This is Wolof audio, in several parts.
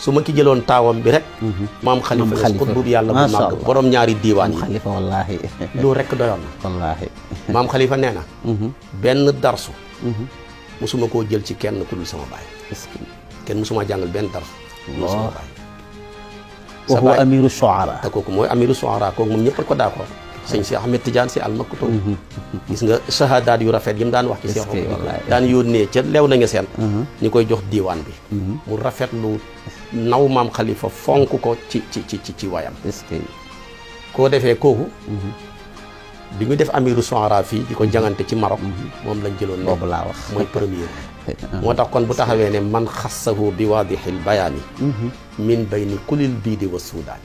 suma ki jëloon tawam bi rek mhm. khalifa ko xutbub yalla bu mag borom ñaari diwan, khalifa wallahi wallaahi rek doyoon na wallaahi maam xalifa nee mhm. darsu mhm. musuma ko jël ci kenn ku dul sama baay ken musuma jangal ben darsu sama baay wa huwa amiru shuara te kooku mooy amiru shuara ko moom ñepp ko d'accord sëñ si Ahmed Tidiane si almaktoum gis nga shahadaat yu rafet yi mu daan wax ci Seex Abdoulaye daan yónnee ca lew na nga seen mhm. ñu koy jox diwaan bi mhm. mu rafet lu naw maam xalifa fonk ko ci ci ci ci waayam koo defee kooku mhm. bi ñu def amiru soara fi diko jangante ci marok mom lañ jëlone bobu la wax moy premier motax kon bu taxawé né man khassahu bi wadihil bayani, mhm. min bayni kulil bidi wa suudaani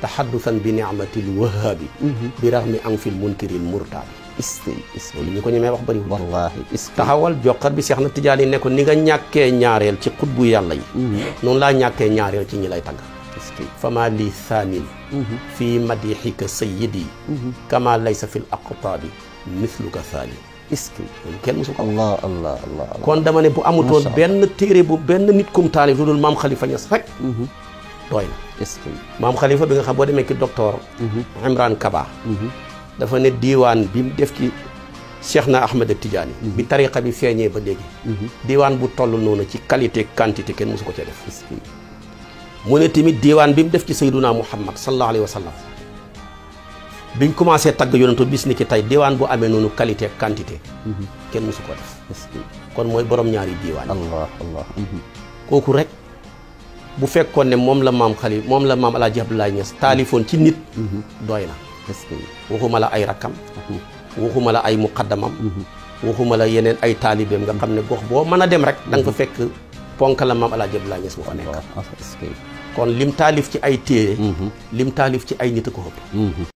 tahaddusan bi al wahaabi mhm. bi rahmi an fil al murtad istay istay ñu ko ñëmé wax bari wallahi taxawal joxat bi cheikh na tidiane ne ko ni nga ñaké ñaarel ci khutbu yalla yi mhm. non la ñaké ñaarel ci ñi lay tagg فما لي ثامن في مديحك سيدي كما ليس في الأقطاب مثلك ثاني اسكي كان مسوك الله الله الله كون دا ماني بن تيري بن نيت كوم طالب خليفه نياس رك دوينا خليفه بيغا خا بو دكتور عمران كبا ديوان بيم شيخنا احمد التجاني بي طريقه بي ديوان بو نونو كاليتي كانتيتي كين mu ne tamit diiwaan bi mu def ci sayduna muhammad sallallahu alayhi wa sallam biñ commencé tagg yonantu bis ni ki tey diiwaan bu amee noonu qualité quantité mhm. kenn mosu ko def kon mooy borom ñaari diiwaan allah allah mhm. kooku rek bu fekkoon ne moom la maam xali moom la maam alaaji abdoulaye ñas taalifoon ci nit mhm. doy na waxuma la ay rakkam waxuma la ay muqaddamam waxuma la yeneen ay taalibeem nga xam ne gox boo mën a dem rek da nga fa fekk ponk la maam El Hadj Abdoulaye Niass moo fa nekk. kon lim taalif ci ay téere. Mhm. lim taalif ci ay nit a ko ëpp. Mhm.